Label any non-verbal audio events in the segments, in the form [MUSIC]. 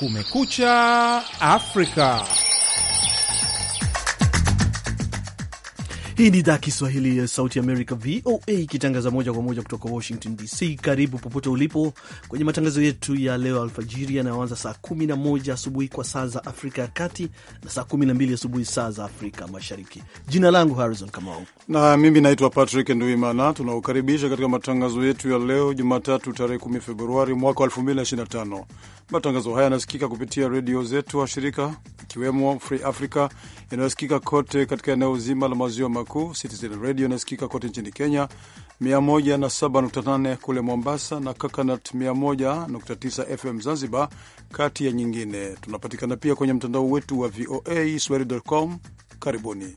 Kumekucha Afrika. Hii ni idhaa Kiswahili ya Sauti Amerika, VOA, ikitangaza moja kwa moja kutoka Washington DC. Karibu popote ulipo kwenye matangazo yetu ya leo alfajiri yanayoanza saa 11 asubuhi kwa saa za Afrika ya Kati na saa 12 asubuhi saa za Afrika Mashariki. Jina langu Harrison Kamau na mimi naitwa Patrick Nduimana. tunaokaribisha katika matangazo yetu ya leo Jumatatu, tarehe 10 Februari mwaka 2025. Matangazo haya yanasikika kupitia redio zetu wa shirika ikiwemo Free Africa inayosikika kote katika eneo zima la maziwa makuu, Citizen Radio inayosikika kote nchini Kenya 107.8 kule Mombasa na Coconut 101.9 FM Zanzibar, kati ya nyingine. Tunapatikana pia kwenye mtandao wetu wa VOA swahili.com. Karibuni.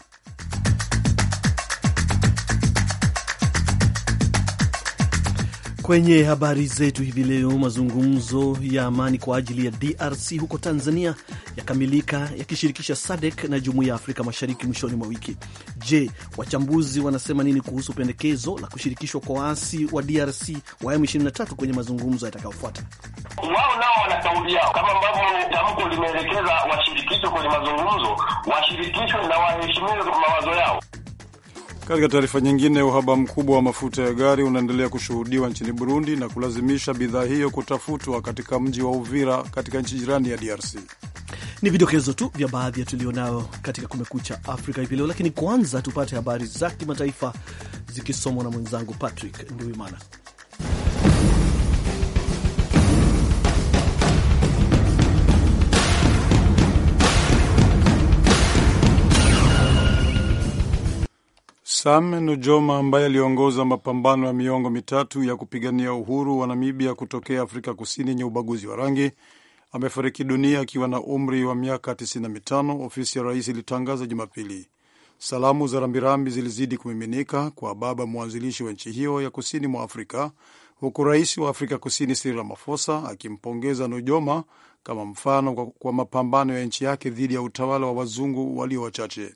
Kwenye habari zetu hivi leo, mazungumzo ya amani kwa ajili ya DRC huko Tanzania yakamilika yakishirikisha SADC na Jumuiya ya Afrika Mashariki mwishoni mwa wiki. Je, wachambuzi wanasema nini kuhusu pendekezo la kushirikishwa kwa waasi wa DRC wa M23 kwenye mazungumzo yatakayofuata? Wao nao wana kauli yao, kama ambavyo tamko limeelekeza washirikishwe kwenye mazungumzo, washirikishwe na waheshimiwe mawazo yao. Katika taarifa nyingine, uhaba mkubwa wa mafuta ya gari unaendelea kushuhudiwa nchini Burundi na kulazimisha bidhaa hiyo kutafutwa katika mji wa Uvira katika nchi jirani ya DRC. Ni vidokezo tu vya baadhi ya tulionayo katika Kumekucha Afrika hivi leo, lakini kwanza tupate habari za kimataifa zikisomwa na mwenzangu Patrick Nduimana. Sam Nujoma ambaye aliongoza mapambano ya miongo mitatu ya kupigania uhuru wa Namibia kutokea Afrika Kusini yenye ubaguzi wa rangi amefariki dunia akiwa na umri wa miaka 95, ofisi ya rais ilitangaza Jumapili. Salamu za rambirambi zilizidi kumiminika kwa baba mwanzilishi wa nchi hiyo ya kusini mwa Afrika, huku rais wa Afrika Kusini Cyril Ramaphosa akimpongeza Nujoma kama mfano kwa mapambano ya nchi yake dhidi ya utawala wa wazungu walio wachache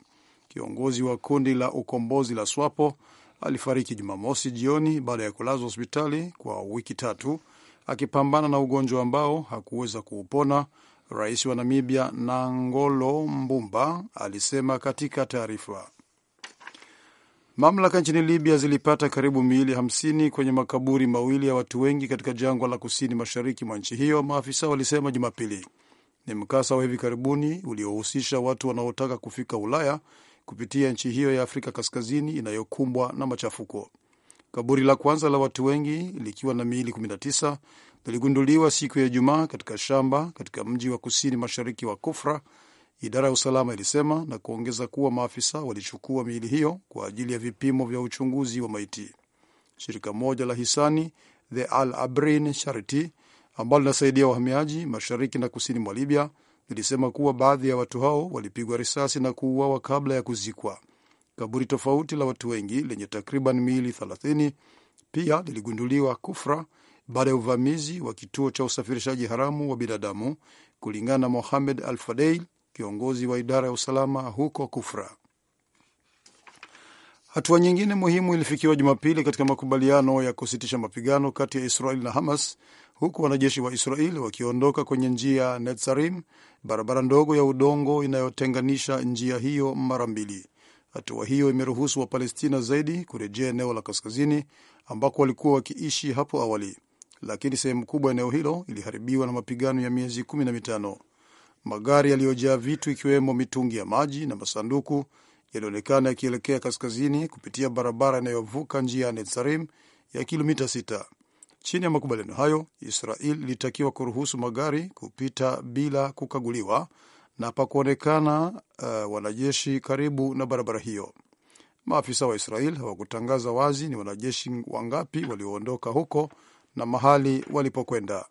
kiongozi wa kundi la ukombozi la SWAPO, alifariki Jumamosi jioni baada ya kulazwa hospitali kwa wiki tatu akipambana na ugonjwa ambao hakuweza kuupona. Rais wa Namibia Nangolo Mbumba alisema katika taarifa. Mamlaka nchini Libya zilipata karibu miili 50 kwenye makaburi mawili ya watu wengi katika jangwa la kusini mashariki mwa nchi hiyo, maafisa walisema Jumapili. Ni mkasa wa hivi karibuni uliohusisha watu wanaotaka kufika Ulaya kupitia nchi hiyo ya Afrika Kaskazini inayokumbwa na machafuko. Kaburi la kwanza la watu wengi likiwa na miili 19 liligunduliwa siku ya Ijumaa katika shamba katika mji wa kusini mashariki wa Kufra, idara ya usalama ilisema, na kuongeza kuwa maafisa walichukua miili hiyo kwa ajili ya vipimo vya uchunguzi wa maiti. Shirika moja la hisani The Al Abrin Charity ambalo linasaidia wahamiaji mashariki na kusini mwa Libya lilisema kuwa baadhi ya watu hao walipigwa risasi na kuuawa kabla ya kuzikwa. Kaburi tofauti la watu wengi lenye takriban miili 30 pia liligunduliwa Kufra baada ya uvamizi wa kituo cha usafirishaji haramu wa binadamu, kulingana na Mohamed Al Fadeil, kiongozi wa idara ya usalama huko Kufra. Hatua nyingine muhimu ilifikiwa Jumapili katika makubaliano ya kusitisha mapigano kati ya Israel na Hamas huku wanajeshi wa Israel wakiondoka kwenye njia ya Netsarim, barabara ndogo ya udongo inayotenganisha njia hiyo mara mbili. Hatua hiyo imeruhusu Wapalestina zaidi kurejea eneo la kaskazini ambako walikuwa wakiishi hapo awali, lakini sehemu kubwa eneo hilo iliharibiwa na mapigano ya miezi kumi na mitano. Magari yaliyojaa vitu ikiwemo mitungi ya maji na masanduku yalionekana yakielekea kaskazini kupitia barabara inayovuka njia ya netsarim ya kilomita sita. Chini ya makubaliano hayo, Israel ilitakiwa kuruhusu magari kupita bila kukaguliwa na pakuonekana uh, wanajeshi karibu na barabara hiyo. Maafisa wa Israel hawakutangaza wazi ni wanajeshi wangapi walioondoka huko na mahali walipokwenda.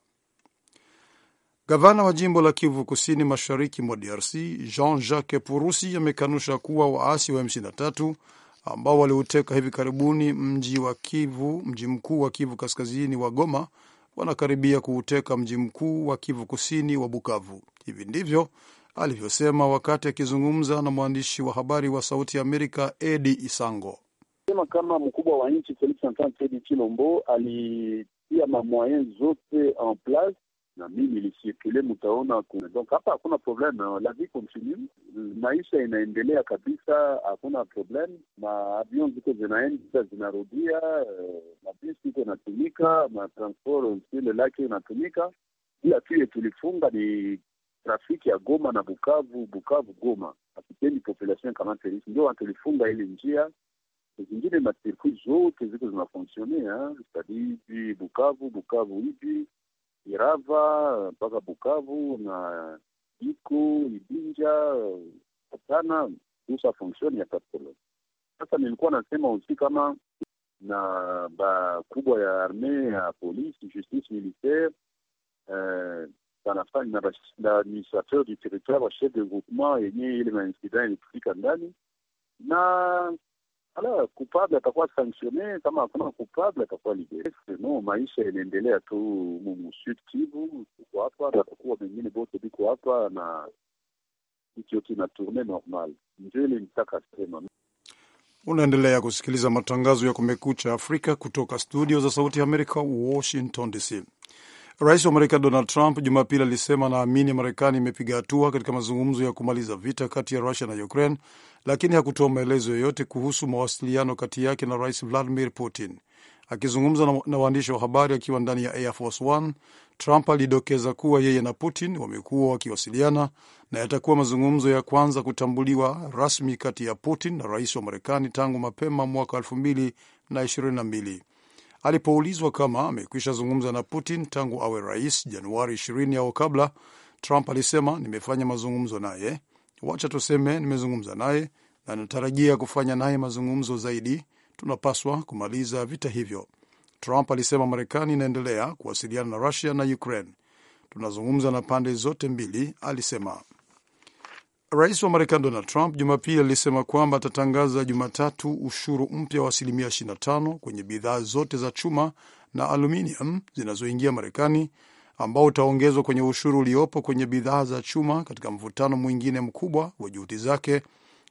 Gavana wa jimbo la Kivu Kusini, mashariki mwa DRC, Jean Jacques Purusi amekanusha kuwa waasi wa M23 ambao waliuteka hivi karibuni mji wa Kivu, mji mkuu wa Kivu kaskazini wa Goma, wanakaribia kuuteka mji mkuu wa Kivu kusini wa Bukavu. Hivi ndivyo alivyosema wakati akizungumza na mwandishi wa habari wa Sauti ya Amerika Edi Isango. Sema kama mkubwa wa nchi Felix Antoine Chilombo alitia mamwaye zote en place na mimi ilisirkule, mtaona kuna donc hapa hakuna problem, euh, la vie continue, maisha inaendelea kabisa, hakuna problem. avion ziko zinaenda zinarudia, euh, mabisi iko inatumika, matransport sile lake inatumika, ila tuye tulifunga ni trafiki ya Goma na Bukavu, Bukavu Goma, akipeni population kama terisi, ndio watu ile njia zingine, masirkui zote ziko zinafonksionea stadi hivi Bukavu, Bukavu hivi Irava mpaka Bukavu na Iku Ibinja Katana usa fonction ya Katolo. Sasa nilikuwa nasema usi kama na bakubwa ya arme ya polisi justice militaire eh, na baadministrateur du territoire ba chef de groupement yenye ile mainsida ilifika ndani na ala coupable atakuwa sanctionne, kama hakuna coupable atakuwa libere. No, maisha inaendelea tu mu Kivu, tuko hapa, na takuwa mengine bote biko hapa na na tourne normal, ndio ile nitaka sema. Unaendelea kusikiliza matangazo ya Kumekucha Afrika kutoka studio za Sauti ya Amerika, Washington DC. Rais wa Marekani Donald Trump Jumapili alisema anaamini Marekani imepiga hatua katika mazungumzo ya kumaliza vita kati ya Rusia na Ukraine, lakini hakutoa maelezo yoyote kuhusu mawasiliano kati yake na Rais Vladimir Putin. Akizungumza na, waandishi wa habari akiwa ndani ya Air Force One, Trump alidokeza kuwa yeye na Putin wamekuwa wakiwasiliana na yatakuwa mazungumzo ya kwanza kutambuliwa rasmi kati ya Putin na rais wa Marekani tangu mapema mwaka 2022. Alipoulizwa kama amekwisha zungumza na Putin tangu awe rais Januari 20 au kabla, Trump alisema nimefanya mazungumzo naye, wacha tuseme nimezungumza naye na natarajia kufanya naye mazungumzo zaidi. Tunapaswa kumaliza vita hivyo. Trump alisema Marekani inaendelea kuwasiliana na Rusia na Ukraine, tunazungumza na pande zote mbili, alisema. Rais wa Marekani Donald Trump Jumapili alisema kwamba atatangaza Jumatatu ushuru mpya wa asilimia 25 kwenye bidhaa zote za chuma na aluminium zinazoingia Marekani, ambao utaongezwa kwenye ushuru uliopo kwenye bidhaa za chuma katika mvutano mwingine mkubwa wa juhudi zake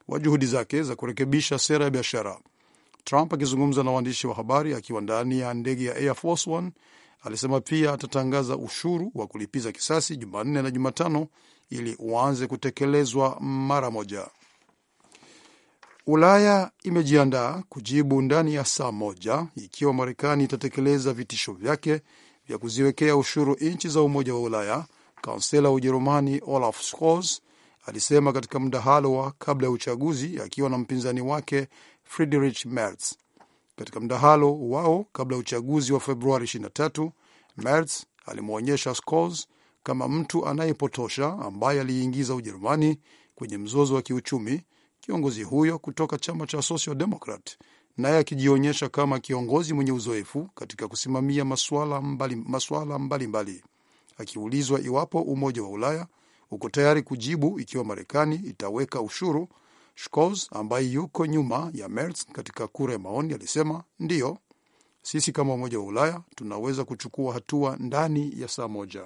wa juhudi zake za kurekebisha sera ya biashara. Trump akizungumza na waandishi wa habari akiwa ndani ya ndege ya Air Force One Alisema pia atatangaza ushuru wa kulipiza kisasi Jumanne na Jumatano ili uanze kutekelezwa mara moja. Ulaya imejiandaa kujibu ndani ya saa moja ikiwa Marekani itatekeleza vitisho vyake vya kuziwekea ushuru nchi za Umoja wa Ulaya. Kansela wa Ujerumani Olaf Scholz alisema katika mdahalo wa kabla ya uchaguzi akiwa na mpinzani wake Friedrich Merz katika mdahalo wao kabla ya uchaguzi wa Februari 23, Merz alimwonyesha Scholz kama mtu anayepotosha ambaye aliingiza Ujerumani kwenye mzozo wa kiuchumi, kiongozi huyo kutoka chama cha Social Democrat naye akijionyesha kama kiongozi mwenye uzoefu katika kusimamia masuala mbalimbali mbali mbali. Akiulizwa iwapo Umoja wa Ulaya uko tayari kujibu ikiwa Marekani itaweka ushuru Scholz ambaye yuko nyuma ya Merz katika kura ya maoni alisema, ndiyo, sisi kama Umoja wa Ulaya tunaweza kuchukua hatua ndani ya saa moja.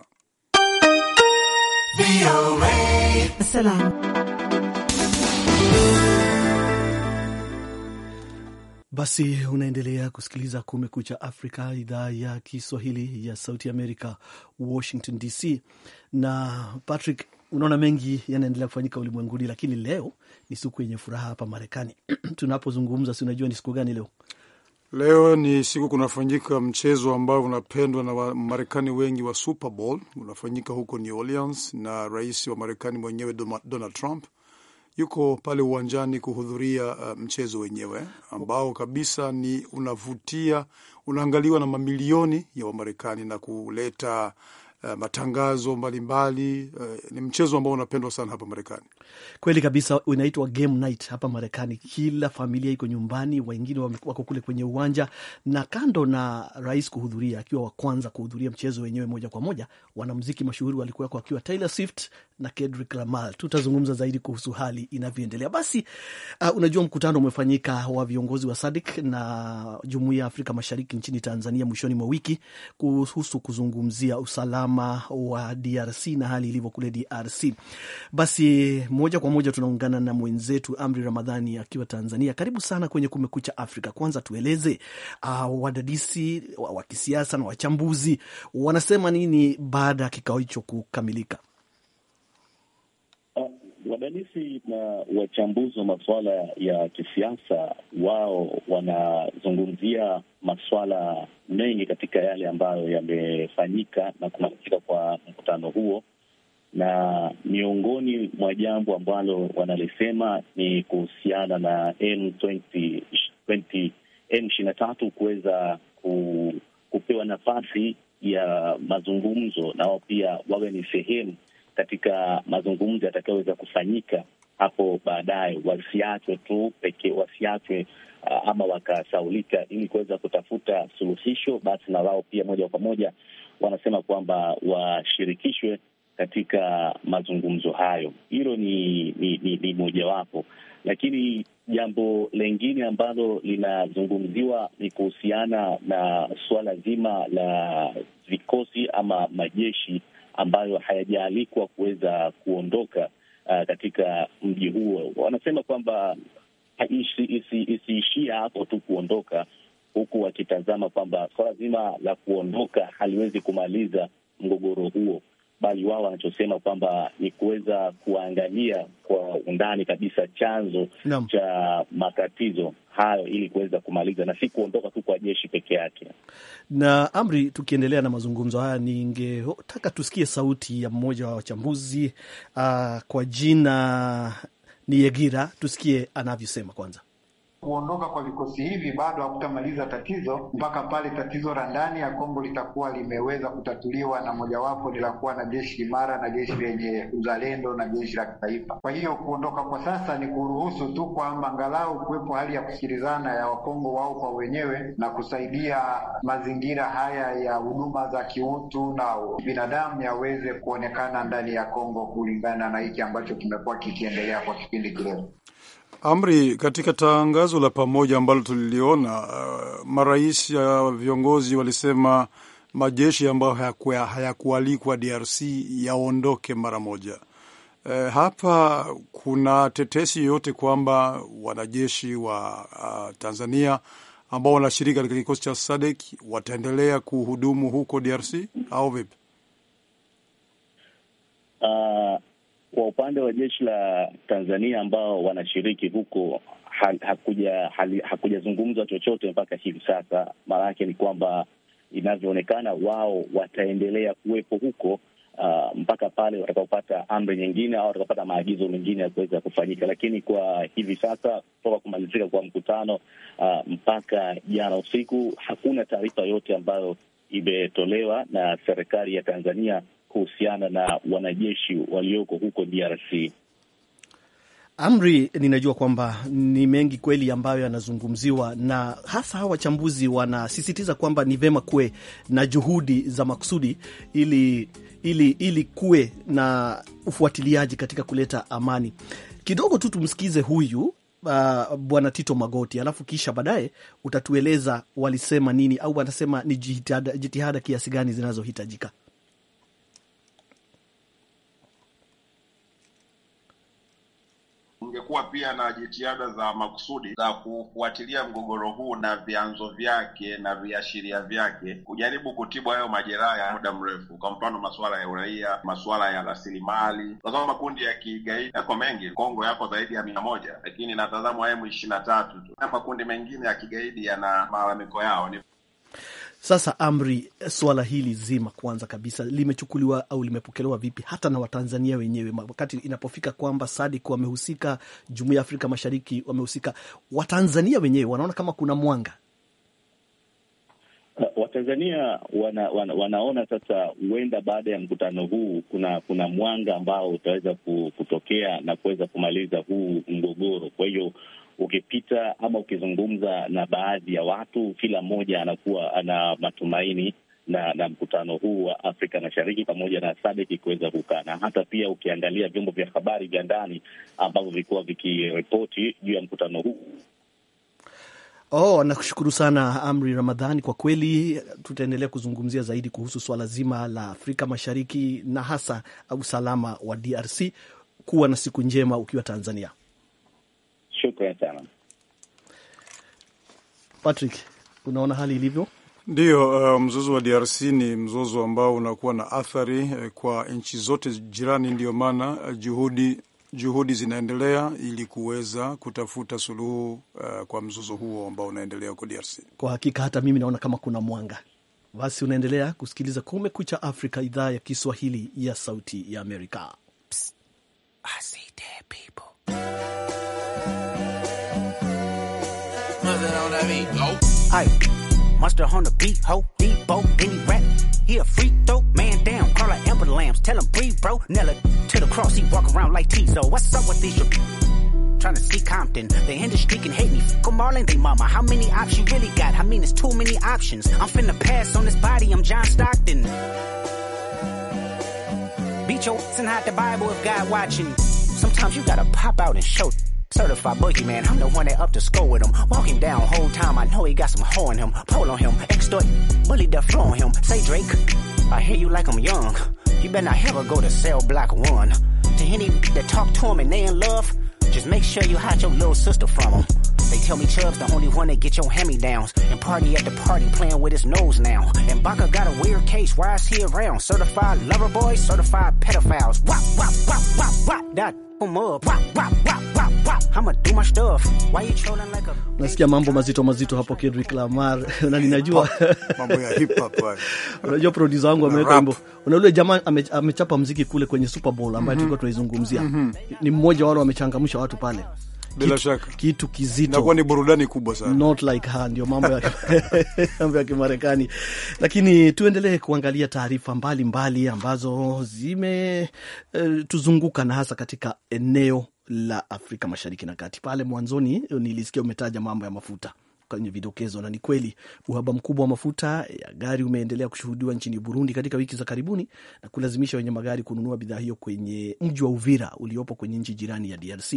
Basi unaendelea kusikiliza Kumekucha Afrika, idhaa ya Kiswahili ya Sauti Amerika, Washington DC. Na Patrick unaona mengi yanaendelea kufanyika ulimwenguni, lakini leo ni siku yenye furaha hapa Marekani. [CLEARS THROAT] Tunapozungumza, si unajua ni siku gani leo? Leo ni siku kunafanyika mchezo ambao unapendwa na Wamarekani wengi wa Super Bowl, unafanyika huko New Orleans, na rais wa Marekani mwenyewe Donald Trump yuko pale uwanjani kuhudhuria uh, mchezo wenyewe ambao kabisa ni unavutia, unaangaliwa na mamilioni ya Wamarekani na kuleta Eh, matangazo mbalimbali mbali. Eh, ni mchezo ambao unapendwa sana hapa Marekani. Kweli kabisa, unaitwa game night hapa Marekani. Kila familia iko nyumbani, wengine wako kule kwenye uwanja, na kando na rais kuhudhuria akiwa wa kwanza kuhudhuria mchezo wenyewe moja kwa moja, wanamziki mashuhuri walikuwako akiwa Taylor Swift na Kendrick Lamar. Tutazungumza zaidi kuhusu hali inavyoendelea. Basi uh, unajua mkutano umefanyika wa viongozi wa SADC na Jumuiya ya Afrika Mashariki nchini Tanzania mwishoni mwa wiki kuhusu kuzungumzia usalama usalama wa DRC na hali ilivyo kule DRC. Basi moja kwa moja tunaungana na mwenzetu Amri Ramadhani akiwa Tanzania. Karibu sana kwenye Kumekucha Afrika. Kwanza tueleze uh, wadadisi wa kisiasa na wachambuzi wanasema nini baada ya kikao hicho kukamilika? Ah, wadadisi na wachambuzi wa masuala ya kisiasa wao wanazungumzia masuala mengi katika yale ambayo yamefanyika na kuna mkutano huo, na miongoni mwa jambo ambalo wanalisema ni kuhusiana na M20, M23 kuweza ku, kupewa nafasi ya mazungumzo na wao pia wawe ni sehemu katika mazungumzo yatakayoweza kufanyika hapo baadaye, wasiachwe tu pekee, wasiachwe ah, ama wakasaulika, ili kuweza kutafuta suluhisho, basi na wao pia moja kwa moja wanasema kwamba washirikishwe katika mazungumzo hayo. Hilo ni, ni, ni, ni mojawapo, lakini jambo lengine ambalo linazungumziwa ni kuhusiana na suala zima la vikosi ama majeshi ambayo hayajaalikwa kuweza kuondoka uh, katika mji huo. Wanasema kwamba isiishia isi hapo tu kuondoka, huku wakitazama kwamba swala zima la kuondoka haliwezi kumaliza mgogoro huo, bali wao wanachosema kwamba ni kuweza kuangalia kwa undani kabisa chanzo no. cha matatizo hayo ili kuweza kumaliza na si kuondoka tu kwa jeshi peke yake. Na Amri, tukiendelea na mazungumzo haya, ningetaka tusikie sauti ya mmoja wa wachambuzi uh, kwa jina ni Yegira, tusikie anavyosema kwanza kuondoka kwa vikosi hivi bado hakutamaliza tatizo mpaka pale tatizo la ndani ya Kongo litakuwa limeweza kutatuliwa, na mojawapo ni la kuwa na jeshi imara na jeshi lenye uzalendo na jeshi la kitaifa. Kwa hiyo kuondoka kwa sasa ni kuruhusu tu kwamba angalau kuwepo hali ya kusikilizana ya Wakongo wao kwa wenyewe na kusaidia mazingira haya ya huduma za kiutu na binadamu yaweze kuonekana ndani ya Kongo kulingana na hiki ambacho kimekuwa kikiendelea kwa kipindi kirefu. Amri, katika tangazo la pamoja ambalo tuliliona, uh, marais ya viongozi walisema majeshi ambayo hayakualikwa DRC yaondoke mara moja. Uh, hapa kuna tetesi yoyote kwamba wanajeshi wa uh, Tanzania ambao wanashiriki katika kikosi cha SADC wataendelea kuhudumu huko DRC au vipi? Uh, kwa upande wa jeshi la Tanzania ambao wanashiriki huko hakujazungumzwa hakuja, chochote mpaka hivi sasa. Maana yake ni kwamba inavyoonekana wao wataendelea kuwepo huko Uh, mpaka pale watakaopata amri nyingine au watakaopata maagizo mengine ya kuweza kufanyika, lakini kwa hivi sasa kutoka kumalizika kwa mkutano uh, mpaka jana usiku hakuna taarifa yote ambayo imetolewa na serikali ya Tanzania kuhusiana na wanajeshi walioko huko DRC. Amri, ninajua kwamba ni mengi kweli ambayo yanazungumziwa na hasa hawa wachambuzi wanasisitiza kwamba ni vema kuwe na juhudi za makusudi ili, ili, ili kuwe na ufuatiliaji katika kuleta amani. Kidogo tu tumsikize huyu uh, Bwana Tito Magoti alafu kisha baadaye utatueleza walisema nini au wanasema ni jitihada, jitihada kiasi gani zinazohitajika. kungekuwa pia na jitihada za makusudi za kufuatilia mgogoro huu na vyanzo vyake na viashiria vyake, kujaribu kutibu hayo majeraha ya muda mrefu, kwa mfano masuala ya uraia, masuala ya rasilimali, kwa makundi ya kigaidi yako mengi. Kongo yako zaidi ya mia moja, lakini natazamwa emu ishirini na tatu tu. Makundi mengine ya kigaidi yana malalamiko yao ni sasa Amri, swala hili zima kwanza kabisa limechukuliwa au limepokelewa vipi hata na Watanzania wenyewe, wakati inapofika kwamba SADC wamehusika, jumuia ya Afrika Mashariki wamehusika, Watanzania wenyewe wanaona kama kuna mwanga? Uh, Watanzania wana, wana, wanaona sasa huenda baada ya mkutano huu kuna kuna mwanga ambao utaweza kutokea na kuweza kumaliza huu mgogoro. Kwa hiyo ukipita ama ukizungumza na baadhi ya watu, kila mmoja anakuwa ana matumaini na na mkutano huu wa Afrika Mashariki pamoja na SADC kuweza kukaa na hata pia ukiangalia vyombo vya habari vya ndani ambavyo vilikuwa vikiripoti juu ya mkutano huu. Oh, nakushukuru sana Amri Ramadhani. Kwa kweli tutaendelea kuzungumzia zaidi kuhusu swala zima la Afrika Mashariki na hasa usalama wa DRC. Kuwa na siku njema ukiwa Tanzania. Shukran sana Patrick, unaona hali ilivyo. Ndiyo, uh, mzozo wa DRC ni mzozo ambao unakuwa na athari uh, kwa nchi zote jirani. Ndiyo maana uh, juhudi, juhudi zinaendelea ili kuweza kutafuta suluhu uh, kwa mzozo huo ambao unaendelea huko DRC. Kwa hakika hata mimi naona kama kuna mwanga. Basi unaendelea kusikiliza Kumekucha Afrika, idhaa ya Kiswahili ya Sauti ya Amerika. Psst. buzzing on that beat, ho. Aye, monster on the beat, ho. Debo, any rap. He a free throw, man down. Call like Amber Lambs, tell him breathe, bro. Nella to the cross, he walk around like Tizo. What's up with these? Trying to see Compton. The industry can hate me. Fuck them all and they mama. How many ops you really got? I mean, it's too many options. I'm finna pass on this body. I'm John Stockton. Beat your ass and hide the Bible if God watching. Sometimes you gotta pop out and show Certified boogeyman, I'm the one that up to score with him. Walk him down whole time, I know he got some hoe in him. Pull on him, extort, bully the floor on him. Say Drake, I hear you like I'm young. You better not ever go to cell block one. To any that talk to him and they in love, just make sure you hide your little sister from him. They tell me Chubb's the only one that get your hemi downs And party at the party playing with his nose now. And Baka got a weird case, why is he around? Certified lover boys, certified pedophiles. Wop, wop, wop, wop, wop. That, come up. Wop, wop, wop, wop. Nasikia mambo mazito mazito hapo, Kendrick Lamar [LAUGHS] na ninajua Unajua produsa wangu ameweka wimbo, unaule jamaa amechapa mziki kule kwenye Super Bowl ambayo mhm. tulikuwa tunaizungumzia mhm. ni mmoja walo amechangamsha watu pale bila kitu, shaka kitu kizito, inakuwa ni burudani kubwa sana, not like Ndio mambo ya [LAUGHS] mambo ya Kimarekani, lakini tuendelee kuangalia taarifa mbalimbali ambazo zimetuzunguka eh, uh, na hasa katika eneo la Afrika Mashariki na Kati. Pale mwanzoni nilisikia umetaja mambo ya mafuta kwenye vidokezo, na ni kweli uhaba mkubwa wa mafuta ya gari umeendelea kushuhudiwa nchini Burundi katika wiki za karibuni na kulazimisha wenye magari kununua bidhaa hiyo kwenye mji wa Uvira uliopo kwenye nchi jirani ya DRC.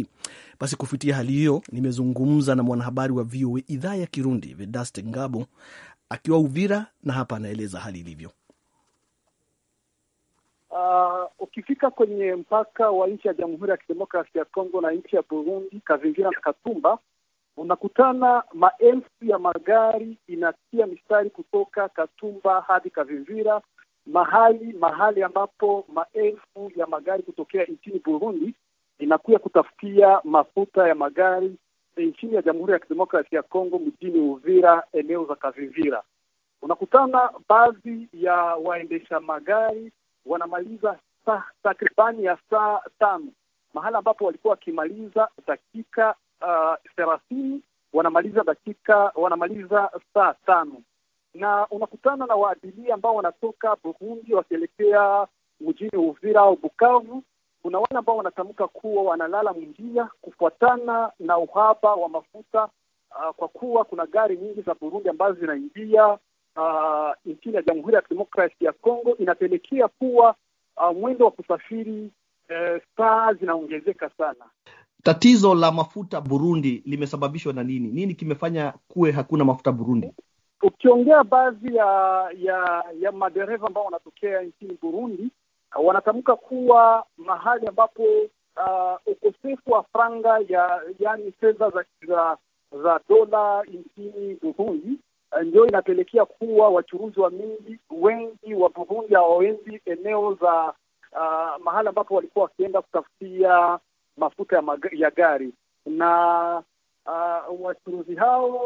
Basi kufuatia hali hiyo, nimezungumza na mwanahabari wa VOA idhaa ya Kirundi Vedaste Ngabo akiwa Uvira, na hapa anaeleza hali ilivyo. Uh, ukifika kwenye mpaka wa nchi ya Jamhuri ya Kidemokrasia ya Kongo na nchi ya Burundi, Kazingira na Katumba, unakutana maelfu ya magari inatia mistari kutoka Katumba hadi Kavimvira, mahali mahali ambapo maelfu ya magari kutokea nchini Burundi inakuya kutafutia mafuta ya magari nchini ya Jamhuri ya Kidemokrasia ya Kongo, mjini Uvira, eneo za Kavimvira. Unakutana baadhi ya waendesha magari wanamaliza takribani ya saa tano, mahala ambapo walikuwa wakimaliza dakika Uh, thelathini wanamaliza dakika wanamaliza saa tano na unakutana na waadilii ambao wanatoka Burundi wakielekea mjini Uvira au Bukavu. Kuna wale ambao wanatamka kuwa wanalala mwinjia kufuatana na uhaba wa mafuta uh, kwa kuwa kuna gari nyingi za Burundi ambazo zinaingia uh, nchini ya Jamhuri ya Kidemokrasia ya Kongo, inapelekea kuwa uh, mwendo wa kusafiri uh, saa zinaongezeka sana. Tatizo la mafuta Burundi limesababishwa na nini? Nini kimefanya kuwe hakuna mafuta Burundi? Ukiongea baadhi ya ya ya madereva ambao wanatokea nchini Burundi uh, wanatamka kuwa mahali ambapo uh, ukosefu wa franga ya yani fedha za, za, za dola nchini Burundi uh, ndio inapelekea kuwa wachuruzi wa mingi wengi wa Burundi hawawezi eneo za uh, mahali ambapo walikuwa wakienda kutafutia mafuta ya, mag ya gari na uh, wachuruzi hao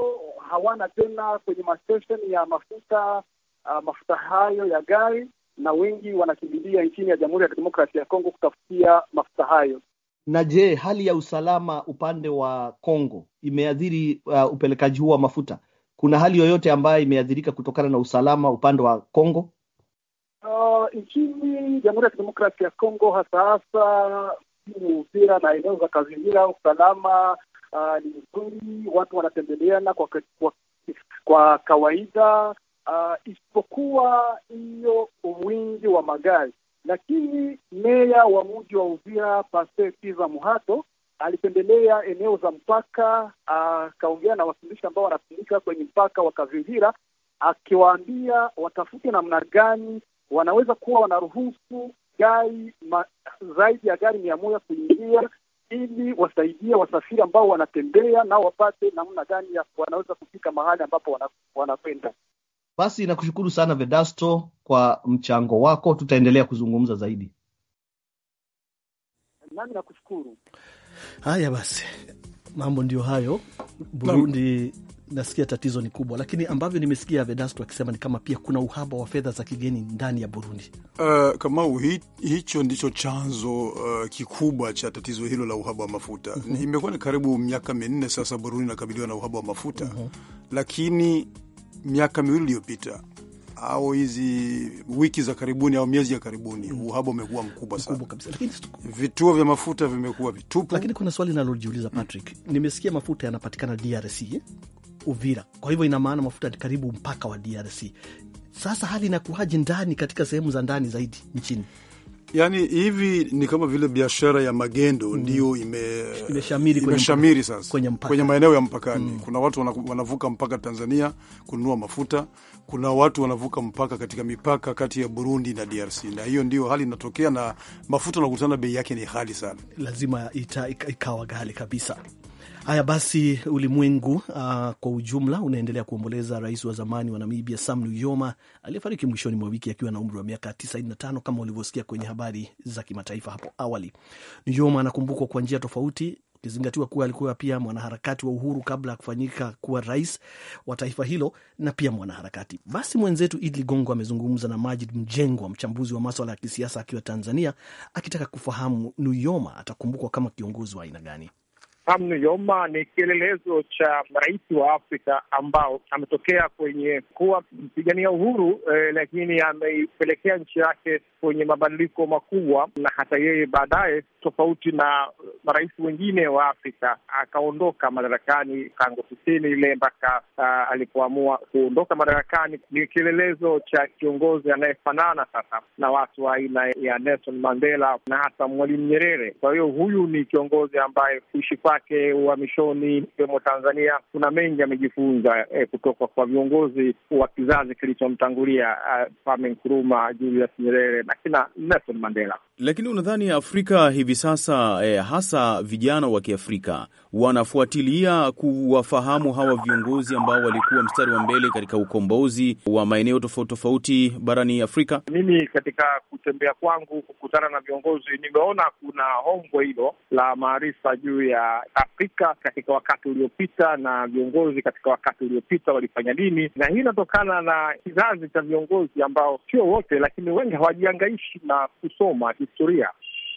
hawana tena kwenye mastesheni ya mafuta uh, mafuta hayo ya gari, na wengi wanakimbilia nchini ya Jamhuri ya Kidemokrasia ya Kongo kutafutia mafuta hayo. Na je, hali ya usalama upande wa Kongo imeathiri uh, upelekaji huu wa mafuta? Kuna hali yoyote ambayo imeathirika kutokana na usalama upande wa Kongo? Uh, nchini Jamhuri ya Kidemokrasia ya Kongo hasa hasa timu husika na eneo za kazingira, usalama uh, ni mzuri, watu wanatembeleana kwa, kwa, kwa kawaida uh, isipokuwa hiyo wingi wa magari. Lakini meya wa mji wa Uvira Pasteur Muhato alitembelea eneo za mpaka ah, akaongea na wafundishi ambao wanatumika kwenye mpaka wa Kazingira, akiwaambia watafute namna gani wanaweza kuwa wanaruhusu gari ma, zaidi ya gari mia moja kuingia ili wasaidie wasafiri ambao wanatembea nao wapate namna gani ya wanaweza kufika mahali ambapo wanakwenda. Basi nakushukuru sana Vedasto kwa mchango wako, tutaendelea kuzungumza zaidi nami nakushukuru. Haya basi, mambo ndio hayo Burundi nasikia tatizo ni kubwa, lakini ambavyo nimesikia Vedasto akisema ni kama pia kuna uhaba wa fedha za kigeni ndani ya Burundi. Uh, Kamau, hicho ndicho chanzo uh, kikubwa cha tatizo hilo la uhaba wa mafuta. mm -hmm. Imekuwa ni karibu miaka minne sasa Burundi inakabiliwa na uhaba wa mafuta. mm -hmm. Lakini miaka miwili iliyopita au hizi wiki za karibuni au miezi ya karibuni mm. Uhaba umekuwa mkubwa sana kabisa, lakini vituo vya mafuta vimekuwa vitupu. Lakini kuna swali linalojiuliza Patrick, mm. Nimesikia mafuta yanapatikana DRC eh? Uvira. Kwa hivyo ina maana mafuta karibu mpaka wa DRC. Sasa hali inakuwaje ndani, katika sehemu za ndani zaidi nchini? yani hivi ni kama vile biashara ya magendo mm. Ndio imeshamiri ime ime sasa kwenye, kwenye maeneo ya mpakani mm. Kuna watu wanavuka mpaka Tanzania kununua mafuta, kuna watu wanavuka mpaka katika mipaka kati ya Burundi na DRC, na hiyo ndio hali inatokea, na mafuta unakutana bei yake ni ghali sana, lazima ita, ikawa ghali kabisa. Haya basi, ulimwengu uh, kwa ujumla unaendelea kuomboleza rais wa zamani wa Namibia Sam Nujoma aliyefariki mwishoni mwa wiki akiwa na umri wa miaka 95 kama ulivyosikia kwenye habari za kimataifa hapo awali. Nujoma anakumbukwa kwa njia tofauti ukizingatiwa kuwa alikuwa pia mwanaharakati wa uhuru kabla ya kufanyika kuwa rais wa taifa hilo na pia mwanaharakati. Basi mwenzetu Idli Gongo amezungumza na Majid Mjengwa, mchambuzi wa maswala ya kisiasa akiwa Tanzania, akitaka kufahamu Nuyoma atakumbukwa kama kiongozi wa aina gani. Sam Nujoma ni kielelezo cha rais wa Afrika ambao ametokea kwenye kuwa mpigania uhuru eh, lakini ameipelekea nchi yake kwenye mabadiliko makubwa, na hata yeye baadaye, tofauti na marais wengine wa Afrika, akaondoka madarakani kango tisini ile mpaka uh, alipoamua kuondoka madarakani. Ni kielelezo cha kiongozi anayefanana sasa na watu wa aina ya Nelson Mandela na hata Mwalimu Nyerere. Kwa hiyo huyu ni kiongozi ambaye kuishi zake uhamishoni ikiwemo Tanzania. Kuna mengi amejifunza eh, kutoka kwa viongozi wa kizazi kilichomtangulia uh, Kwame Nkrumah, Julius Nyerere na kina Nelson Mandela. Lakini unadhani Afrika hivi sasa eh, hasa vijana wa Kiafrika wanafuatilia kuwafahamu hawa viongozi ambao walikuwa mstari wa mbele katika ukombozi wa maeneo tofauti tofauti barani Afrika? Mimi katika kutembea kwangu kukutana na viongozi, nimeona kuna hongo hilo la maarifa juu ya Afrika katika wakati uliopita na viongozi katika wakati uliopita walifanya nini, na hii inatokana na kizazi cha viongozi ambao sio wote, lakini wengi hawajiangaishi na kusoma historia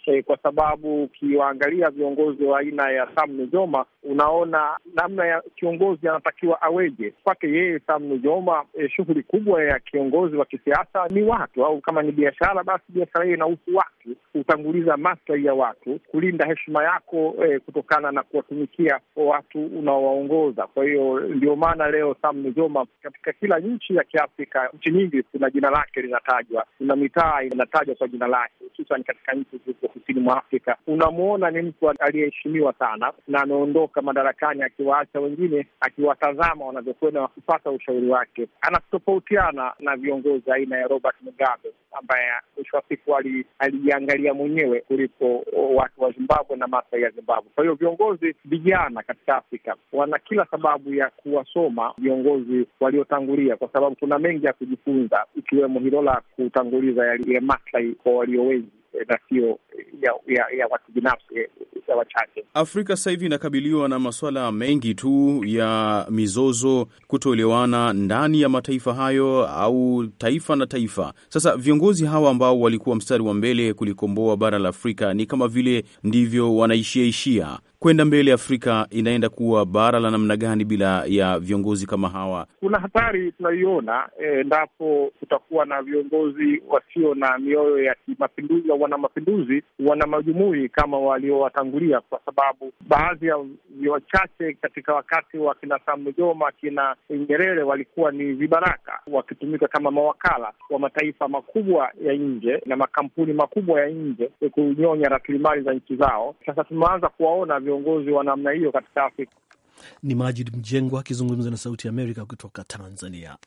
eh, kwa sababu ukiwaangalia viongozi wa aina ya Sam Nujoma unaona namna ya kiongozi anatakiwa aweje. Kwake yeye Sam Nujoma, eh, shughuli kubwa ya kiongozi wa kisiasa ni watu, au kama ni biashara, basi biashara hiyo inahusu watu, hutanguliza maslahi ya watu, kulinda heshima yako eh, kutokana na kuwatumikia watu unaowaongoza. Kwa hiyo ndio maana leo Sam Nujoma katika kila nchi ya Kiafrika, nchi nyingi, kuna jina lake linatajwa, kuna mitaa inatajwa kwa jina lake, hususan katika nchi zilizo kusini mwa Afrika, unamwona ni mtu aliyeheshimiwa sana, na ameondoka madarakani akiwaacha wengine, akiwatazama wanavyokwenda wakipata ushauri wake. Anatofautiana na viongozi aina ya Robert Mugabe ambaye mwisho wa siku alijiangalia mwenyewe kuliko watu wa Zimbabwe na maslahi ya Zimbabwe. Kwa hiyo viongozi vijana katika Afrika wana kila sababu ya kuwasoma viongozi waliotangulia, kwa sababu kuna mengi ya kujifunza, ikiwemo hilo la kutanguliza yaliye maslahi kwa walio wengi. Eh, na sio eh, ya, ya, ya watu binafsi eh, ya wachache. Afrika sasa hivi inakabiliwa na masuala mengi tu ya mizozo, kutoelewana ndani ya mataifa hayo au taifa na taifa. Sasa viongozi hawa ambao walikuwa mstari wa mbele kulikomboa bara la Afrika ni kama vile ndivyo wanaishiaishia kwenda mbele, Afrika inaenda kuwa bara la namna gani bila ya viongozi kama hawa? Kuna hatari tunaiona eh, endapo eh, kutakuwa na viongozi wasio na mioyo ya kimapinduzi au wana mapinduzi, wana majumui kama waliowatangulia, kwa sababu baadhi ya wachache katika wakati wa kina Sam Nujoma, kina Nyerere walikuwa ni vibaraka wakitumika kama mawakala wa mataifa makubwa ya nje na makampuni makubwa ya nje kunyonya rasilimali za nchi zao. Sasa tumeanza kuwaona viongozi wa namna hiyo katika Afrika. Ni Majid Mjengwa akizungumza na Sauti ya Amerika kutoka Tanzania.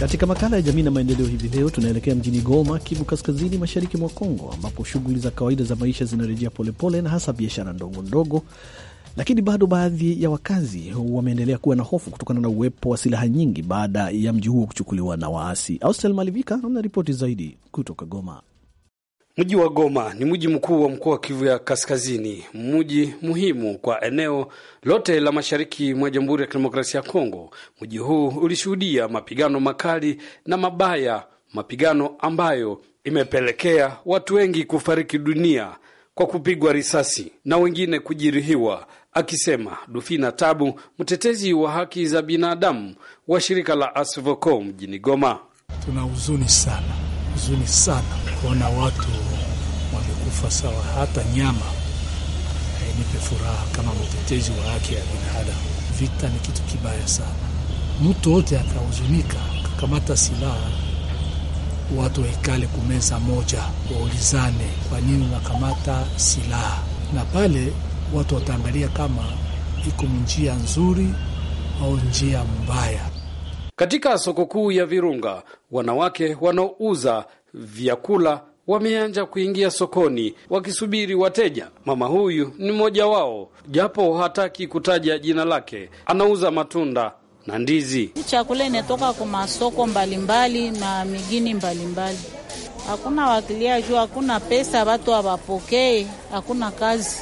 Katika makala ya jamii na maendeleo hivi leo tunaelekea mjini Goma, Kivu Kaskazini, mashariki mwa Kongo, ambapo shughuli za kawaida za maisha zinarejea polepole na hasa biashara ndogo ndogo lakini bado baadhi ya wakazi wameendelea kuwa na hofu kutokana na uwepo wa silaha nyingi baada ya mji huo kuchukuliwa na waasi. Austel Malivika ana ripoti zaidi kutoka Goma. Mji wa Goma ni mji mkuu wa mkoa wa Kivu ya Kaskazini, mji muhimu kwa eneo lote la mashariki mwa Jamhuri ya Kidemokrasia ya Kongo. Mji huu ulishuhudia mapigano makali na mabaya, mapigano ambayo imepelekea watu wengi kufariki dunia kwa kupigwa risasi na wengine kujeruhiwa akisema Dufina Tabu, mtetezi wa haki za binadamu wa shirika la ASVOCO mjini Goma. Tuna huzuni sana, huzuni sana kuona watu wamekufa sawa, hata nyama hainipe eh, furaha kama mtetezi wa haki ya binadamu. Vita ni kitu kibaya sana, mtu wote akahuzunika, akakamata silaha, watu waikale kumeza moja, waulizane kwa nini unakamata silaha, na pale watu wataangalia kama iko njia nzuri au njia mbaya. Katika soko kuu ya Virunga, wanawake wanaouza vyakula wameanza kuingia sokoni wakisubiri wateja. Mama huyu ni mmoja wao, japo hataki kutaja jina lake. Anauza matunda na ndizi. Chakula inatoka kwa masoko mbalimbali na migini mbalimbali. Hakuna wakilia juu, hakuna pesa, watu hawapokee, hakuna kazi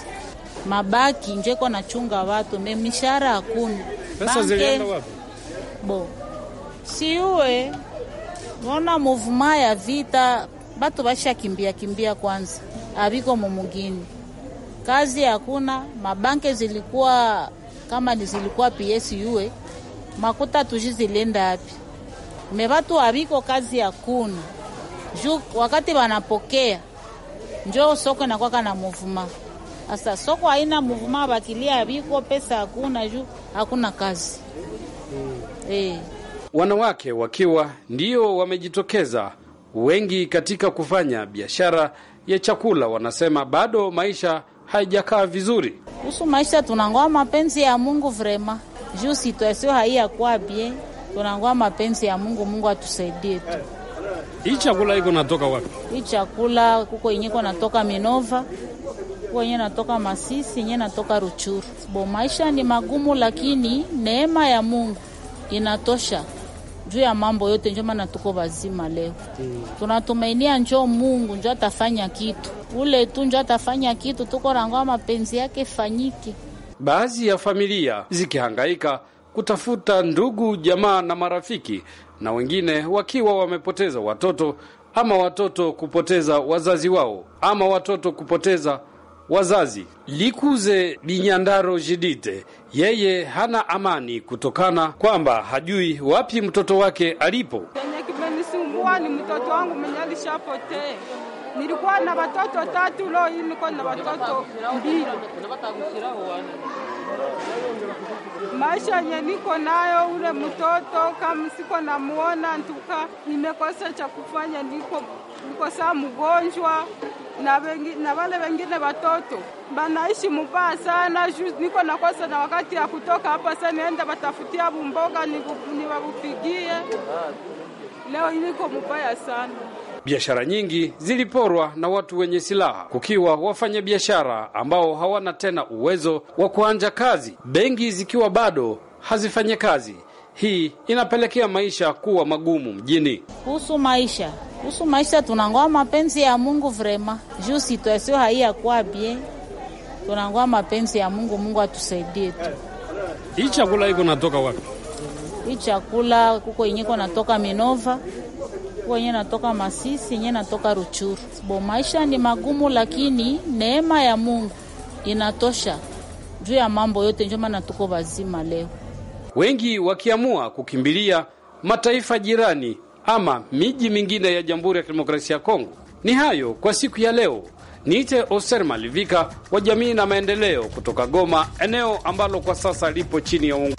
mabaki njeko nachunga watu me mishara hakuna. Pesa zilienda wapi? Bo siuwe wona movuma ya vita batu basha kimbia kimbia, kwanza aviko mumugini kazi hakuna, mabanke zilikuwa kama ni zilikuwa PSUE makuta tuji zilenda api me batu aviko kazi hakuna juu wakati wanapokea njo soko nakwaka na movuma sasa soko haina muvuma, bakilia biko pesa hakuna, juu hakuna kazi mm. E, wanawake wakiwa ndio wamejitokeza wengi katika kufanya biashara ya chakula, wanasema bado maisha haijakaa vizuri. Kuhusu maisha, tunangoa mapenzi ya Mungu vrema, juu situasio haiyakuwa bie, tunangoa mapenzi ya Mungu. Mungu atusaidie tu. Hii chakula iko natoka wapi? Hii chakula kuko inyiko natoka Minova kuwa nye natoka Masisi, nye natoka Ruchuru. Bo, maisha ni magumu, lakini neema ya Mungu inatosha juu ya mambo yote, njo maana tuko wazima leo. Mm. Tunatumainia njo Mungu njo atafanya kitu, ule tu njo atafanya kitu, tuko nangoa mapenzi yake fanyike. Baadhi ya familia zikihangaika kutafuta ndugu jamaa na marafiki, na wengine wakiwa wamepoteza watoto ama watoto kupoteza wazazi wao ama watoto kupoteza Wazazi, likuze Binyandaro Jidite, yeye hana amani kutokana kwamba hajui wapi mtoto wake alipo. enye kimenisumbua ni mtoto wangu mwenye alishapotea. Nilikuwa na watoto tatu, leo hii niko na watoto mbili. Maisha yenye niko nayo, ule mtoto kama siko namuona, ntuka nimekosa cha kufanya, niko niko saa mgonjwa na, wengi, na wale wengine watoto banaishi mubaya sana juu niko nakosa na wakati ya kutoka hapa sasa nienda batafutia bumboga niwabupigie. Leo niko mubaya sana. Biashara nyingi ziliporwa na watu wenye silaha, kukiwa wafanya biashara ambao hawana tena uwezo wa kuanja kazi, benki zikiwa bado hazifanye kazi hii inapelekea maisha kuwa magumu mjini. Kuhusu maisha, kuhusu maisha, tunangoa mapenzi ya Mungu vrema juu situasio kuwa bie, tunangoa mapenzi ya Mungu. Mungu atusaidie tu. Hii chakula iko natoka wapi? Hii chakula kuko yenye iko natoka Minova, kuko yenye natoka Masisi, yenye natoka Ruchuru. Bo, maisha ni magumu, lakini neema ya Mungu inatosha juu ya mambo yote, njo maana tuko wazima leo wengi wakiamua kukimbilia mataifa jirani ama miji mingine ya Jamhuri ya Kidemokrasia ya Kongo. Ni hayo kwa siku ya leo. Niite Oser Malivika wa jamii na maendeleo kutoka Goma, eneo ambalo kwa sasa lipo chini ya ungu.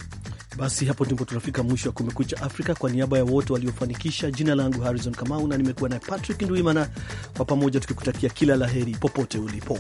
Basi hapo ndipo tunafika mwisho wa Kumekucha Afrika. Kwa niaba ya wote waliofanikisha, jina langu Harrison Kamau na nimekuwa naye Patrick Ndwimana, kwa pamoja tukikutakia kila la heri popote ulipo.